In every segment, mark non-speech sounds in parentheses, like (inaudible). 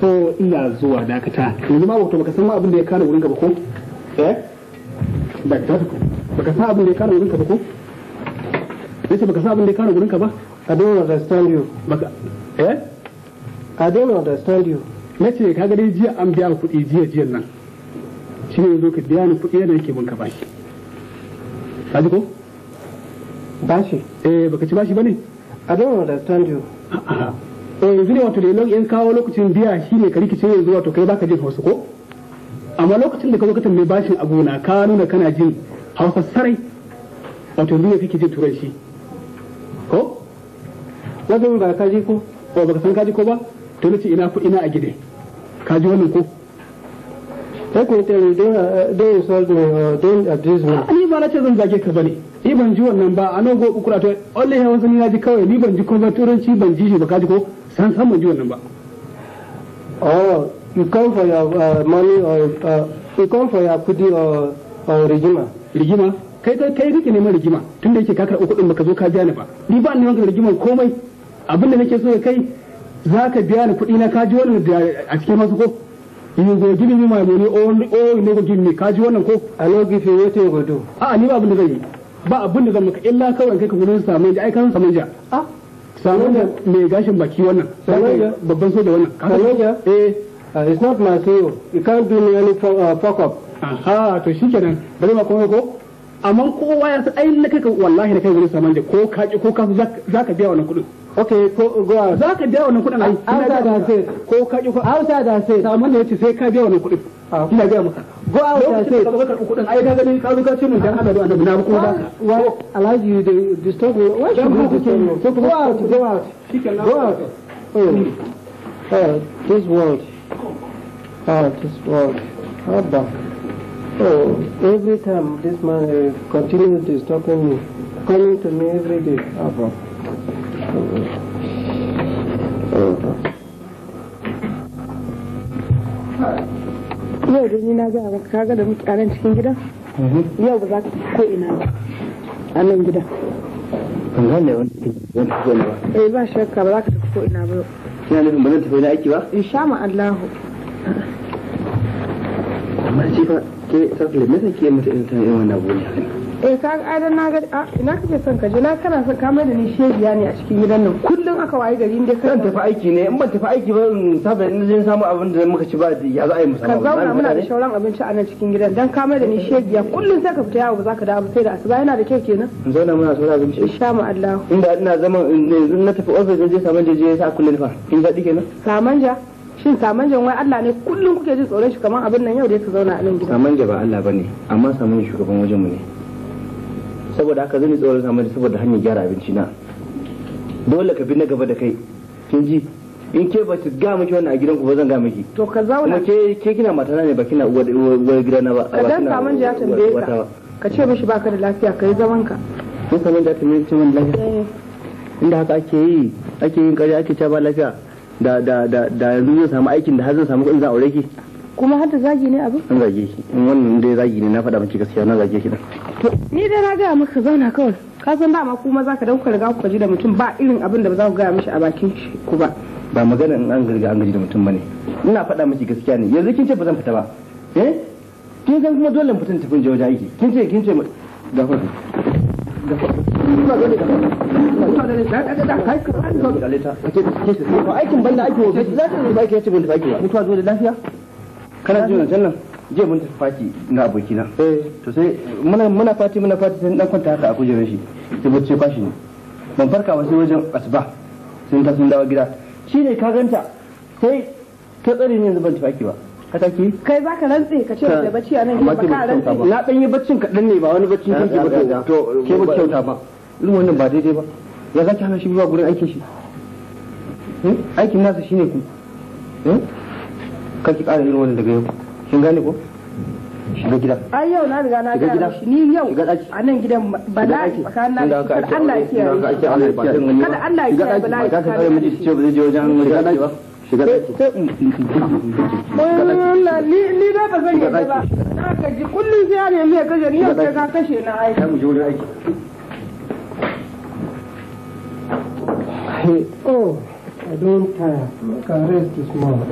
so ina zuwa dakata yanzu ma wato baka san ma abin da ya kare ka ba ko eh dakata baka san abin da ya kare ka ba ko nace baka san abin da ya kare ka ba i don't understand you baka eh i don't understand you nace ka ga dai jiya an biya kuɗi jiya jiyan nan shi ne yanzu ka biya ni kuɗi yana yake bin ka bashi kaji ko bashi eh baka ci bashi bane i don't understand you Eh, yanzu ne wato da in kawo lokacin biya shi ne ka rikice yanzu wato kai baka jin hausa ko amma lokacin da ka zo mai bashin abu na ka nuna kana jin hausa sarai wato yanzu ne kake jin turanci ko wajen ba ka ji ko ba baka san ka ji ko ba to nace ina ku ina a gida ka ji wannan ko sai ku ta yi don yi sol da don abuse me ni ba na ce zan zage ka bane ni ban ji wannan ba a nan go kukura to wallahi yawan sani na ji kawai ni ban ji ko turanci ban ji shi ba ka ji ko san san ji wannan ba oh you come for your uh, money or uh, you come for your kudi or, rigima rigima kai kai kai kake neman rigima tun da yake ka uku kuɗin baka zo ka biya ni ba ni ba ni neman rigiman komai abin da nake so ya kai za ka biya ni kuɗi na ka ji wannan a cikin masu ko you go give me my money or oh, or oh, you go give me ka ji wannan ko i no give you wetin go do a ni ba abin da zan yi ba abin da zan maka illa kawai kai ka gurin samu ai ka samu ja ah sannan da mai gashin baki wannan sannan da babban soja wannan sannan da eh uh, it's not my CEO you can't do me any fuck uh, up aha to bari ma ko amma kowa ya san kai wallahi da kai saman da ko ka ko ka za ka biya wannan okay ko go za ka biya wannan ai da sai ko ka ko hausa da sai saman da yace sai ka biya wannan kuɗin Ah, maka go out say kudin ai dan don na why you the the why should you go out go out go out oh. oh this world ah this world Oh, every time this man uh, continues stop me, coming to me every day. Abba. Oh. yau da ni na ga kaga da muke a cikin gidan mhm. yau ba za ka ko ina ba a nan gidan ban wani wani ko ina ba eh ba shakka ba za ka ko ina ba kina nufin ba zan tafi na aiki ba insha ma Allahu amma shi ba ke sarfile me yasa ke mata irin ta irin wannan abu ne eh ka ga na ga a ina kake son ka je na kana son ka mai da ni shegiya ne a cikin gidan nan kullum aka waye gari inda zan tafi aiki ne in ban tafi aiki ba in saba in je samu abin da muka ci ba ya za a yi musamman ka zauna muna da shauran abinci a nan cikin gidan dan ka mai da ni shegiya kullum sai ka fita yawo ba za ka dawo sai da asuba yana da kyau kenan in zauna muna shauran abinci insha mu Allah inda ina zaman in na tafi office je saman je ya sa kullun fa in zadi kenan saman ja shin samanjan wai Allah ne kullum kuke ji tsoron shi kamar abin nan yau da ka zauna a nan saman samanja ba Allah bane amma saman shugaban wajenmu ne saboda haka zan yi tsoron samun saboda hanyar gyara abinci na dole ka bi na gaba da kai kin ji in ke ba ki ga miki wannan a gidan ku ba zan ga miki to ka zauna ke ke kina mata na ne ba kina uwar gida na ba ka dan samun ji ya tambaye ka ka ce mishi baka da lafiya kai zaman ka ko samun da tambaye ce mun lafiya eh. inda haka ake yi ake yin ƙarya ake ba lafiya da da da da yanzu zai samu aikin da har zan samu kuɗin za aure ki kuma har da zagi ne abu? an zage shi in wannan dai zagi ne na faɗa miki gaskiya na zage shi dan ni dai na gaya maka zauna kawai ka san dama kuma zaka ka dauka riga ku ji da mutum ba irin abin da ba za ku gaya mishi a bakin ku ba ba magana in an riga an gaji da mutum bane ina faɗa miki gaskiya ne yanzu kin ce ba zan fita ba eh kin san kuma dole mutum tafi je waje aiki kin ce kin ce ga fa aikin banda ake wa ba ki yace bin da ake wa mutuwa zo da lafiya kana jin nan je mun tafi fati na abokina eh. to sai muna muna fati muna fati sai dan kwanta haka a kujerar shi sai bacci kwashi ne ban farka ba sai wajen asuba sun ta sun dawo gida shi ne ka ganta sai ta tsare ne zuban ban tafi ba ka taki kai zaka rantse ka ce da bacci a nan ba ka rantse na dan yi baccin kaɗan ne ba wani baccin kake ba to ke ba kyauta ba irin wannan ba daidai ba ya zaki hana shi ba gurin aikin shi hmm? aikin nasa shine ku hmm? ki ƙara irin wannan daga yau kin gane ko shiga gida ai yau na riga na gida ni yau a nan gidan bala'i tsakanin Allah ya kiyaye kada Allah ya kiyaye bala'i ka miji ce ba zai je wajen shiga daki ba shiga daki oh, ni ni da ba zan yi ba na ka ji kullun sai ya kashe ni yau sai ka kashe na ai mu je aiki Oh, I don't tire. I can rest this morning.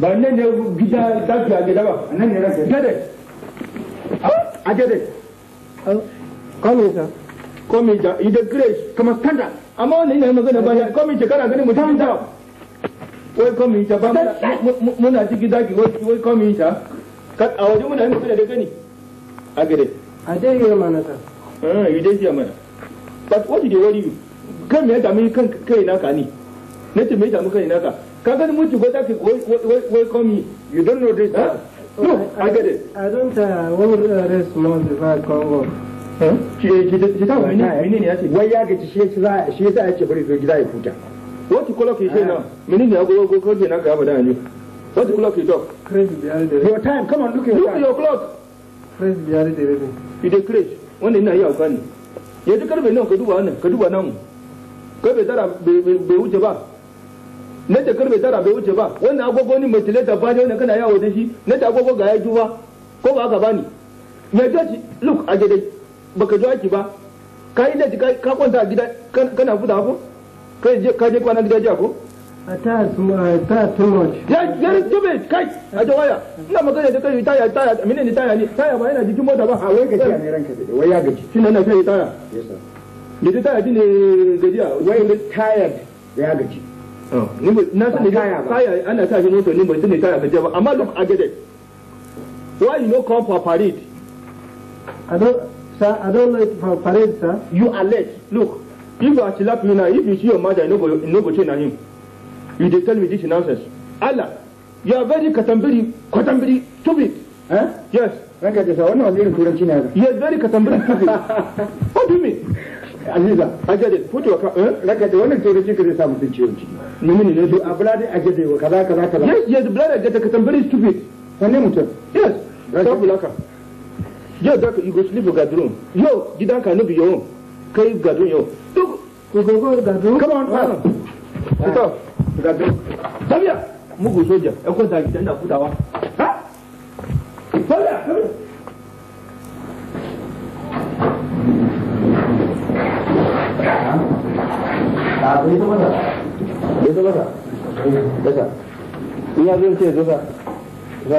ba ne ne gida tafi a gida ba nan ne ranka gade a gade kome sa kome ja ida grace kama standard amma wannan yana magana ba ya kome ce kana ganin mutum ta wai kome ta ba muna ciki daki wai kome ta a waje muna yin da gani a gade a dai yi mana ta eh yi dai mana but what did you worry you kan me ya dami kan kai naka ne na ce me ya dami kai naka ka gani mutu go that wai call me you don't know this huh? no I, I, I get it I don't uh, want uh, to rest months before I come home gida bai wuce ba na jakar mai tara bai wuce ba wannan agogo ni mai tilata ba ne wannan kana yawo da shi na ta agogo ga ya juwa ko ba ka bani ya ta ci look a gidai baka ji aiki ba ka yi daji ka kwanta a gida kana fuda ko ka je ka je kwana gida jiya ko a ta a ta tuma ya ya tube kai a ta waya ina magana da kai ta taya mene ne taya ne ya ba yana jikin mota ba a wai a ne ranka da wai ya gaji shi nan na sai taya yes sir da taya ne gajiya wai tired ya gaji Oh. na sani taya ana tashi moto ne bai sani taya ka ba amma look agade why you no come for parade i don't sir i don't for parade sir you are late look if you are slap me now if you see your mother you no go change na him you dey tell me this nonsense allah you are very katambiri katambiri stupid eh yes ranka ta sa wannan wani irin turanci ne yes very katambiri stupid (laughs) what do you mean aziza ajade fito wa eh, raka da wannan turanci ka zai sa mutum ciwon ciki mumini ne a abladi ajade wa kaza kaza kaza yes yes blood ajade ka tambari stupid sanne mutum yes stop laka yau da you go sleep with gadron yau gidanka no be your own kai gadron yau duk you go go gadron come on ah. fito gadron tabiya mugu soja ya kwanta gidan da futawa ha tabiya tabiya a to ita masa ita masa dasa in ya zo ce dasa za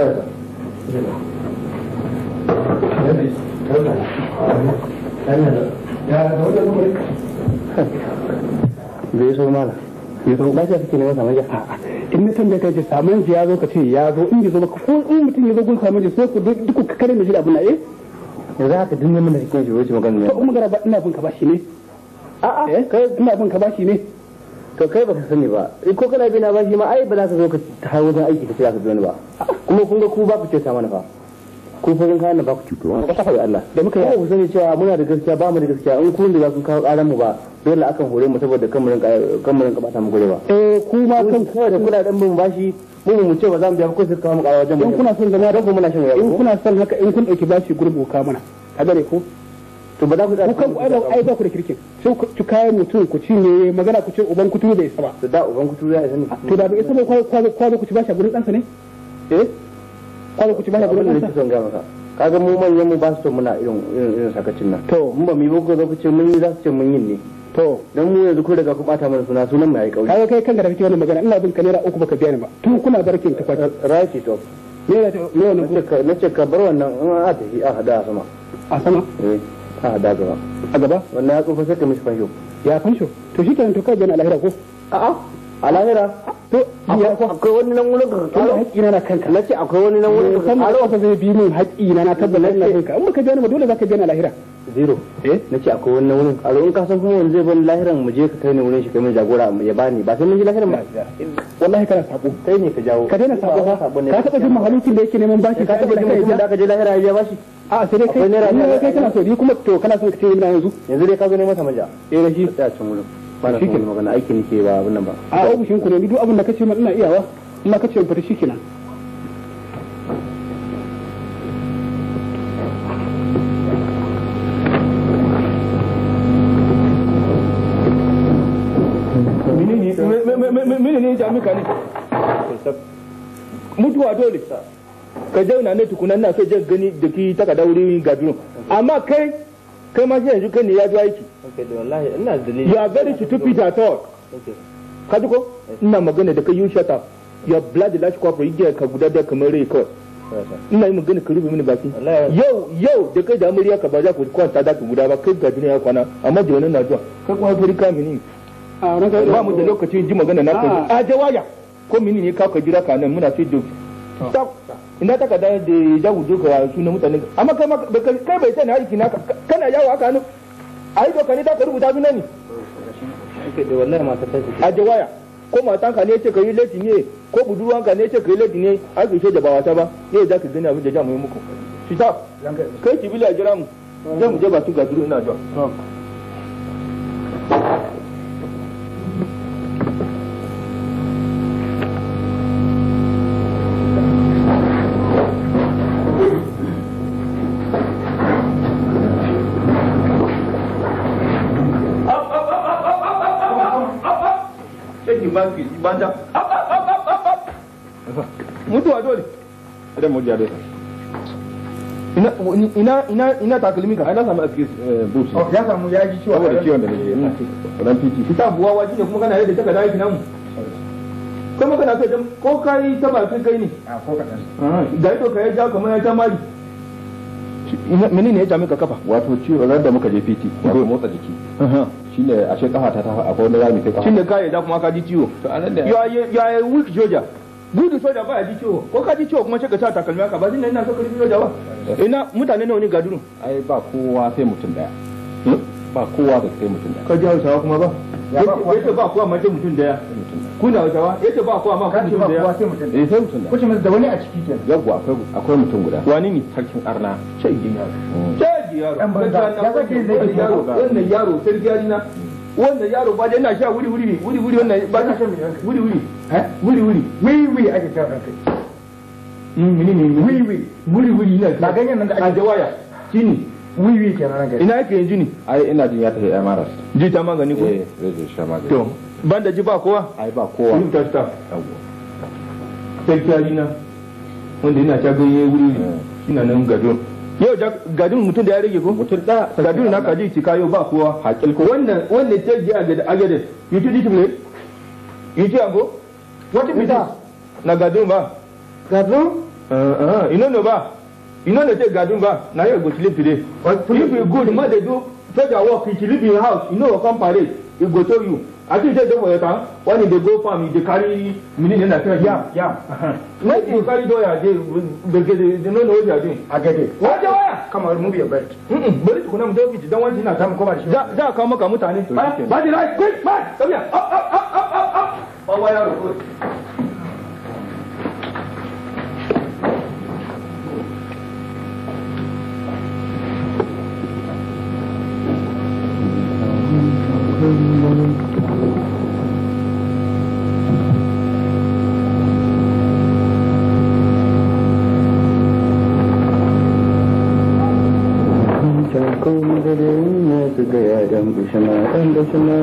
ya bai so mala ya zo ba ta kake in na ce samun ya zo ka ce ya zo in ya zo ka ko in mutum ya zo gun samun sai ku duk ku kare mishi na eh yanzu haka shi wace magana ne to kuma ba ina bin ka ba shi ne a'a eh? kai kuma bin ka bashi ne to kai baka sani ba ko kana bina bashi ma ai ba za ka zo ka har wajen aiki ka ce ka zo ba kuma kun ga ku ba ku ce sa mana fa ko farin kayan ba ku ci ku ka faɗi Allah da muka yi ku sani cewa muna da gaskiya ba mu da gaskiya in kun da za ku kawo ƙaran mu ba dole akan hore mu saboda kamarin kamarin ka bata mu gure ba eh ku ma kan kawai da kuna dan bashi mu mu ce ba za mu biya ko sai kawo mu ƙara wajen mu in kuna son da na rabu muna shan wuya in kuna son haka in kun dauki bashi gurbu ka mana ka gare ko to ba za ku kukan ku aiba ai ba ku da kirkin sai ku ci kayan mutum ku ne magana ku ce uban kutu bai isa ba to da uban kutu ya isa ne to da bai isa ba ku ku ku ci ba a gurin ɗansa ne eh kwazo ku ci ba a gurin ɗansa son ga maka kaga mu manyan mu ba su muna irin irin sakacin nan to mun ba mu yi ba ku ce mun yi za su ce mun yi ne to dan mu yanzu ku daga ku bata mana suna sunan mu yayi kaga kai kanka da kake wannan magana ina bin ka naira uku baka biya ni ba to kuna barkin tufafi right to ne ne ne ne ce ne bar wannan ne ne ne. ne ne ne ne ne ne a da gaba a gaba wannan ya tsofa sai ka mishi fansho ya fansho to shi kenan to kai jana alahira ko a'a a lahira eh, akwai wani nan wurin ka kuma haƙƙi na kanka nace akwai wani nan wurin ka eh, kuma Allah zai bi min haƙƙi na na tabbata ina kanka in baka biya ba dole zaka biya lahira zero eh nace akwai wani nan wurin Allah in ka san kuma wani zai bani lahiran mu je ka kai ne wurin shi kai min jagora ya bani ba sai mun ji lahiran ba wallahi kana sako kai ne ka jawo ka daina sako ka taba jin mahalukin da yake neman bashi ka taba jin mutum da ka je lahira ya bashi a sai dai kai ne kai kana so kuma to kana so ka ce yanzu yanzu dai ka zo ne masa maja eh shi ta cin wurin ba shi kenan magana aiki nake ba abin nan ba a ofishin ku ne duk abin da kace min ina iyawa ina kace in fita shi kenan mutuwa dole ka jauna ne tukunan na sai jan gani da ki taka dauri gadurun amma kai kai ma yanzu kai ne ya zo aiki ya gari very stupid ta all ka ji ko ina magana da kai yi shata ya your blood lash corporate yake ka guda da kamar rai kawai ina yi magana ka rufe mini baki yau yau da kai da amuriya ka ba za ku kwanta da guda ba kai ga duniya kwana amma da wani na zuwa kai kuma fari ka mini ba mu da lokacin ji magana na kai ah. a jawaya ko mini ne ka ka jira ka nan muna sai ina taka da da ya wuce ka sunan mutane amma kai kai bai sani aiki na kana yawo aka hannu ai doka ne ta ka rubuta sunan ne a jawaya ko matanka ne ce ka yi laifi ne ko ka ne ce ka yi laifi ne ai ka da ba wata ba ne za ka gani abin da ja mu yi muku kai ki bila jira mu zan mu je ba su ga ina zuwa mutuwa dole idan mu jiya ina ina ina ina takalmi ka ai na samu aski eh, boots ya samu ya ji ciwo saboda ciwon da ne ina ran fiti kita buwa ne kuma kana yadda take dai kina mu kuma kana so dan ko kai ta bakin kai ne a ah, ko kadan da ah, ido kai ja kuma ya ta mari mene ne ya jami ka kafa wato ciwo ran da muka je fiti ko motsa jiki shine ashe kafa ta ta akwai wani rami kai kafa shine kai da kuma ka ji ciwo to anan da ya ya weak joja gudu soja ba ya ji ciwo ko ka ji ciwo kuma sai ka sa takalmi haka ba tunda ina so karfi soja ba ina mutane nawa ne ga duru ai ba kowa sai mutum daya hmm? ba kowa da sai mutum daya ka ji hausawa kuma ba yace ba kowa ma sai mutum daya kuna hausawa yace ba kowa ma mutum daya ba sai mutum daya eh, sai mutum daya kuce da wani a ciki kenan yawwa akwai akwai mutum guda wani ne sarkin arna shege yaro shege yaro wannan yaro sai yaro na wannan yaro ba da yana sha wuri wuri ne wuri wuri wannan ba ka sha mai hankali wuri wuri eh? wuri wuri hmm, wuri wuri ake sha hankali mini ne wuri wuri wuri wuri na ba ganyen nan da ake jawaya shine wuri wuri kenan nan gari ina yake yanzu ne ai ina jin ya tafi ya mara ji ta magani ko eh zai sha magani to banda ji ba kowa ai ba kowa yin ta ta sai ta yi na wanda ina ta ganye wuri eh. ina nan gado yau da gadin mutum da ya rage ko mutum da gadin na kaji ci kayo ba kowa hakil ko wannan wannan ce a gada agade yuti dikim ne yuti ago wata bita na gadin ba gadin eh uh-huh. ino no ba ino no te gadin ba na yau go sleep today if you good ma dey do fetch a work you live in house you know come parade e go tell you I think they don't want about when they go farm, they carry million and say, yeah, yeah. Uh-huh. When they carry dollar, they, they, they, they don't know what they are doing. I get it. What the wire? Come on, remove your belt. Bari tukuna mdogo kitu, don't want to come cover you. Za kama Come on, Badi right, quick, man. Come on. Up, up, up, up, up, up. Baba oh, yaro. bishima bishima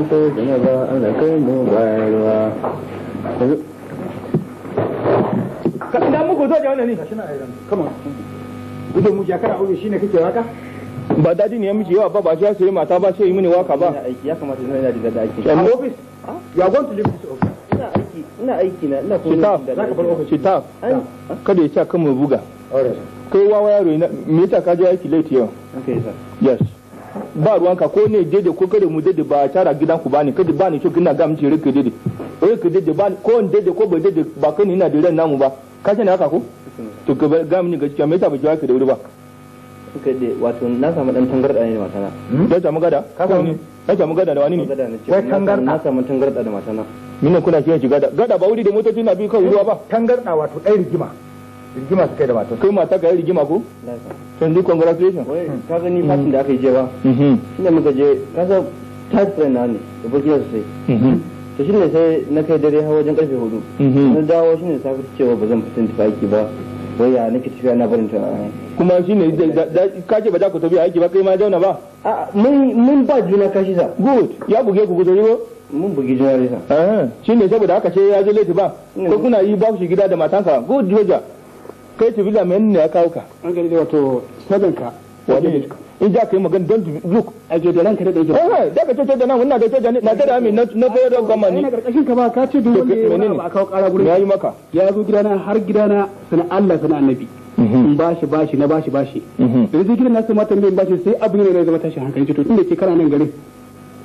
kai mu bayarwa ka ina muku zo kama daji ne ya miji yawa ba ba shi ya mata ba sai yi waka ba ya kamata ah? ya want to leave ina aiki na ina kuma da ta kada ya kan mu buga kai me yasa ka je aiki late yau yes ba ruwanka ko ne dede ko kada mu dede ba tara gidan ku bani kada bani to kina ga miji rike dede ka dede ba ko in dede ko ba dede ba kan ina da ran namu ba ka sani haka ko to ga ga mini gaskiya me yasa ba jiwa ka da wuri ba suka de wato na samu dan tangarda ne matana hmm? ya samu gada ka samu ya samu gada da wani ne wai tangarda na samu tangarda da matana mina kuna kiyaye gada gada ba wuri da motoci na bi kai ruwa ba tangarda wato dai rigima rigima su kai da matan. kai mata ka yi rigima ko to ni congratulations ka gani fashin da aka yi jewa mhm. shine muka je ka san tight friend na ne da burkina sosai mhm. to shine sai na kai dare har wajen karfe hudu mhm. na dawo shine fi cewa ba zan fita tafi aiki ba waya nake tafiya na barin ta kuma shine ka ce ba za ku tafi aiki ba kai ma zauna ba mun mun ba juna kashi sa good ya buge ku gudori ba mun bugi juna ne sa eh, ne saboda aka ce ya zo laifi ba ko kuna yi ba shi gida da matansa good Georgia. kai tafi da mai ya kawo ka an gani wato sadan ka wani in ja kai magana don duk a ke da nan ka da ke da ka ce da nan wannan da ce da na da amin na na bayar da gama ne ƙarƙashin ka ba ka ce duk wanda ba a kawo kara gurin yi maka ya zo gidana har gidana sana Allah sana annabi mhm. in bashi bashi na bashi bashi mhm. da zai gidan nasu mata mai bashi sai abin ne zama tashin hankali ce to tunda ke kana nan garin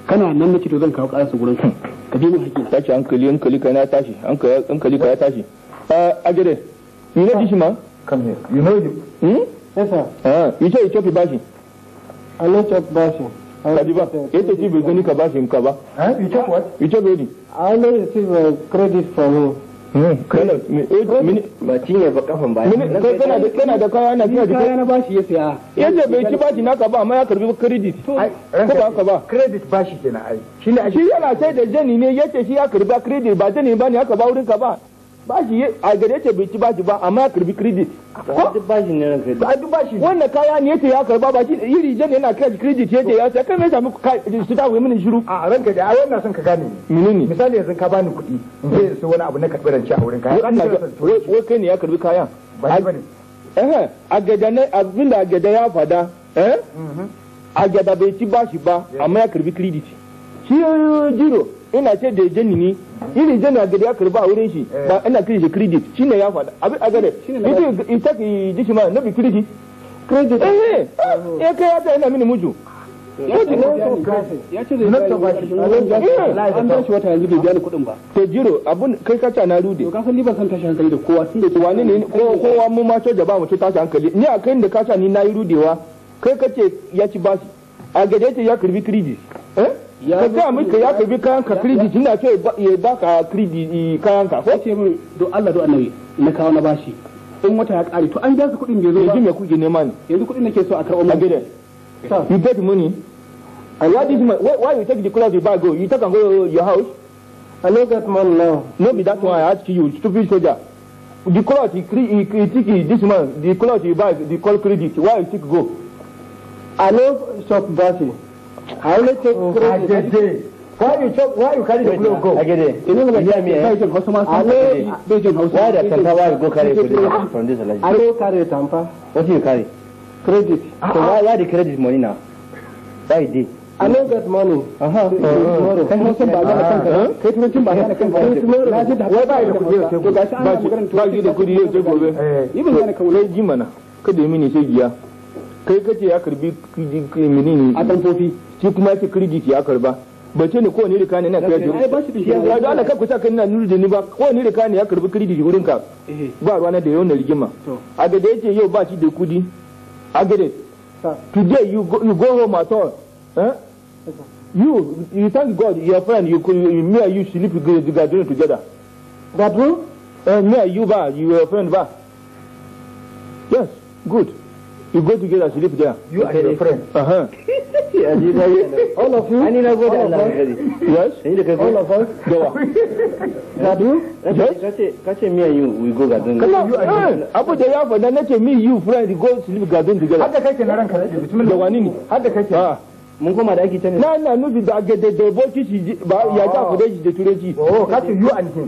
kana nan nace to zan kawo ƙara su gurin ka ka bi mu hakki tashi hankali hankali ka na tashi hankali ka ya tashi a ah, gidan You know this man? Come here. You know him? Hmm? Yes, sir. Ah, you say you chop bashi? I uh, hmm, no chop Kadiba, bai gani ka ka ba. You chop what? You chop already? I only receive a credit from him. ba kafan ba. Kana da kana kaya na kira kaya eh? na bashi ya bai ci bashi naka ba ma ya karbi credit. Ko ba kaba. Credit bashi kenan Shi yana sai da jani ne yace shi ya karba credit ba jani ba ne ka ba wurin kaba. ba. bashi a gare ta bai ci bashi ba amma ya karbi credit ko duk bashi ne ranka ba duk bashi wannan kaya ne yace ya karba ba shi iri jan yana kira credit yace ya sai kai me sami su ta wai mini shiru a ranka da ai wannan son ka gane menene misali yanzu ka bani kuɗi sai mhm. su wani abu na karbi ranci a wurin kaya wai kai ne ya karbi kayan ba ne eh a gada ne abin da gada ya fada eh mhm. a gada bai ci bashi ba amma ya karbi credit shi jiro ina ce da jani ni ini jana gari ya karba a wurin shi eh. ba ina kiri shi credit shine ya faɗa abin a gare yace in take ji shi ma na bi credit credit eh eh oh. kai ya ta ina mini muju ya ce zai ta bashi ce ba shi wata yanzu bai biya ni kuɗin ba to jiro abun kai ka kaca na rude ka san ni ban san tashi hankali da kowa tun da wani ne kowa mu ma soja ba mu ce tashi hankali ni a kai da kaca ni nayi rudewa kai ka ce ya ci bashi a ce ya karbi credit eh ka ga mai ya ka bi kayan ka kiridi jina ce ya ba ka kiridi kayan ka ko ce min do Allah do annabi na kawo na bashi in wata ya kare to an biya su kudin bai zo ba yanzu me kuke nema ne yanzu kudin nake so a karɓo mu gidan you get money and why did you why you take the clothes you buy go you take and go your house I no get money now no be that one I ask you stupid soldier the clothes you he you take this man the clothes you buy the call credit why you take go I no shop basi. I only take credit. Why you chop? Why you carry the blue go? Agede. You know like yeah, me. Why you customer? Ale, bejo house. Why the tampa? Why you go carry credit from this allergy? Ale carry tampa. What do you carry? Credit. So why why the credit money now? Why did? I know that money. Aha. Tomorrow. Kai mutum ba za kan ka. Kai mutum ba za kan ka. Na ji da wai ba da kudi yau. To gashi ana maganar to. Ba ji kudi yau sai gobe. Eh. Ibn yana kaulai ji mana. Kada yi mini sai giya. kai kace ya karbi menene a tantofi shi kuma yace kiriditi ya karba ba ce ne kowane rika ne na kai da ai ba shi bishi ya da Allah kai kusa kan na nuru da ni ba kowane rika ne ya karbi kirgi wurin ka eh. ba ruwa na da yau na rigima a ga da yake yau ba shi da kudi a ga da today you go, you go home at all eh? you you thank God your friend you could you, may you sleep gathering together that room uh, me you ba you your friend ba yes good You go together, sleep there. You okay. and your friend. Uh huh. (laughs) all of you? And all of us? (laughs) Yes. all of us? Go That you? Yes. Catch me and you, we go garden. Come on. you and you. Abu da for that. nace me you friend go sleep garden together. Hadda kai kenan ranka da bismillah. Da wani ne? Hadda kai kenan. mun koma da ake ta ne na na nufi da da boki shi ba ya ta ku da shi ah. oh kace you and him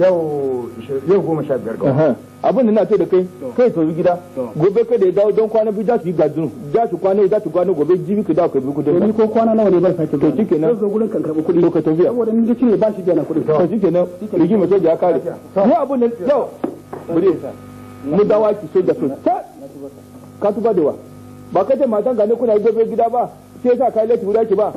yau goma sha biyar ga abin da na ce da kai kai tafi gida gobe kai da ya dawo don kwana biyu za su yi gajinu za su kwana za su kwana gobe jibi ka dawo ka biyu kudin ni ko kwana nawa ne ban sake to shike nan zo gurin kan karbi kudi to ka tafi saboda ni da cire ba shi kenan kudi to shike nan rigi mai soja ya kare ni abin da yau bude mu dawa ki soja so ka tuba da wa ba ka ce matan ga ne kuna gobe gida ba sai sa kai lati guda ki ba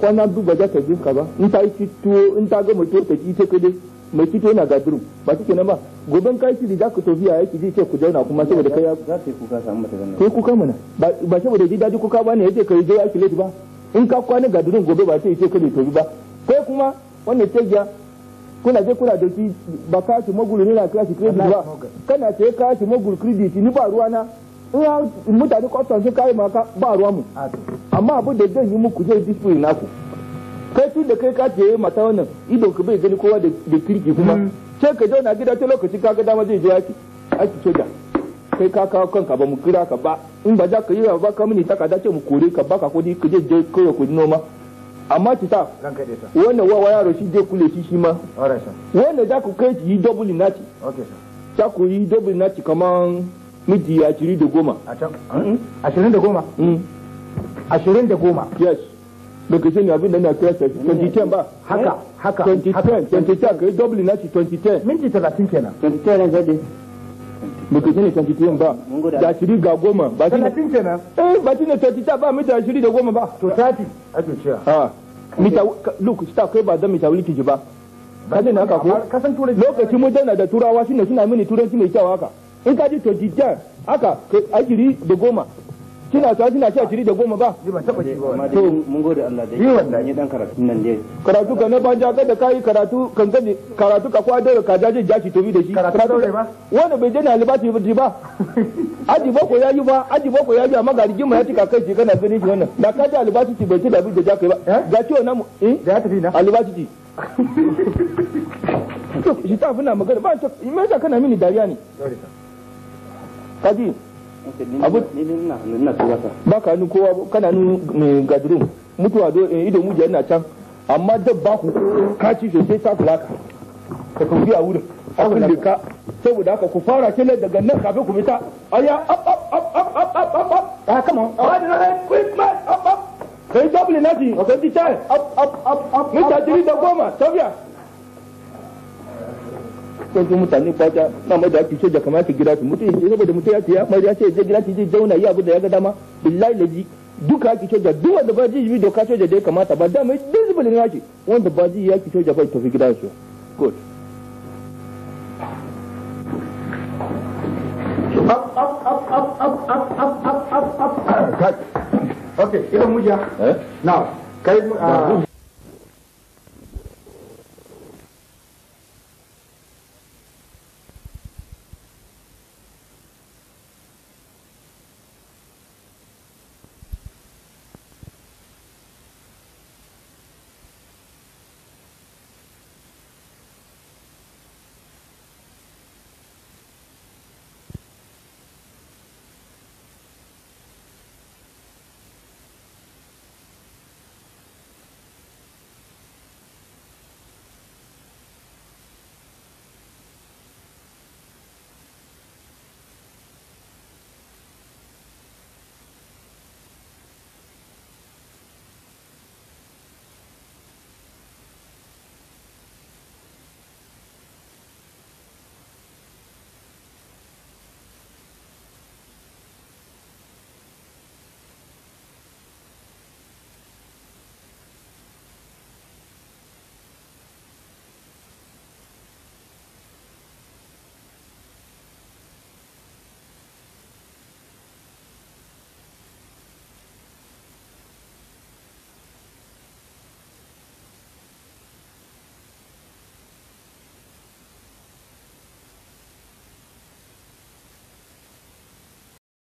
kwana biyu ba za ka ka ba in ta yi tuwo in ta gama tuwo ta ki ta kai dai mai fito yana gadiru ba take nan ba goben kai shiri za ku tofi yake zai ce ku jauna kuma saboda kai ya za ka kuka samu mata zanna kai kuka mana ba saboda ji daji kuka ba ne yace kai je aiki ba in ka kwana gadirin gobe ba sai yace ka ne tofi ba kai kuma wannan tegiya kuna je kuna dauki ba ka shi magul ne na kashi credit ba kana ce ka shi magul credit ni ba ruwa na in mutane kwatsa sun kai maka ba ruwa mu amma abu da zai yi muku zai discipline naku kai tun da kai ka ce mata wannan ido ka bai gani kowa da kirki kuma mm. ce ka zauna gida ta lokaci ka ga dama zai je yaki aiki soja kai ka kawo kanka ba mu kira ka ba in ba za ka yi ba ka mini takarda ce mu kore ka ba ka kudi ka je je kawai kudi noma amma ci ta wannan wawa yaro shi je kule shi shi ma wannan za ku kai yi double nati za ku yi double nati kaman miji ashirin da goma mm. ashirin da goma mm. ashirin da goma yes baka sani abin da na kira 2010 ba haka eh? haka 2010 2010 kai double na shi 2010 minti 30 kenan 2010 ne zade baka sani 2010 ba da shiri ga goma ba shi 30 kenan eh ba shi ne 2010 ba mita shiri da goma ba to 30 a cewa Ha. mita look shi kai ba da mita ji ba Ka ne na haka ko kasan turai. lokacin mutane da turawa shine suna mini turanci mai kyau haka in ka ji 2010 haka kai ajiri da goma kina sa kina sha shiri da goma ba ni ban taba shi ba to mun gode Allah dai yi wallahi ni dan karatu nan dai karatu ka na banja da kai karatu kan gani karatu ka kwa da ka jaje tobi da shi karatu daure ba wanda bai je na libati ba ba (laughs) aji boko ya yi ba aji boko ya yi amma ga rigima ya tika kai shi kana gani shi wannan da ka je libati ci bai ci da bi da jaka ba eh? ga ciwo na mu eh da ya tafi na libati ci (laughs) shi ta fina magana ba ta me yasa kana mini dariya ne kaji abu ba ka hannun kowa kana mai gadirin mutuwa do eh, ido mu na can amma dab ba ku kaci sosai ta fulaka ka ka a wurin abin da ka saboda haka ku fara kele daga nan kafin ku fita aya ap ap ap ap ap ap ap ap ah come on ah no quick man ap ap kai double nati ka ti ap ap ap up mita 3 da goma tafiya wasu mutane kwata na mai da ake soja kamar ta gida su mutu ya saboda mutum ya tiya mai ya ce zai gida ce je zauna yi abu da ya ga dama billahi da ji duka ake soja duk wanda ba ji yi doka soja da ya kamata ba dama ya dizibili ne ake wanda ba ji ya ake soja ba ya tafi gida su good okay idan muja eh? now kai uh,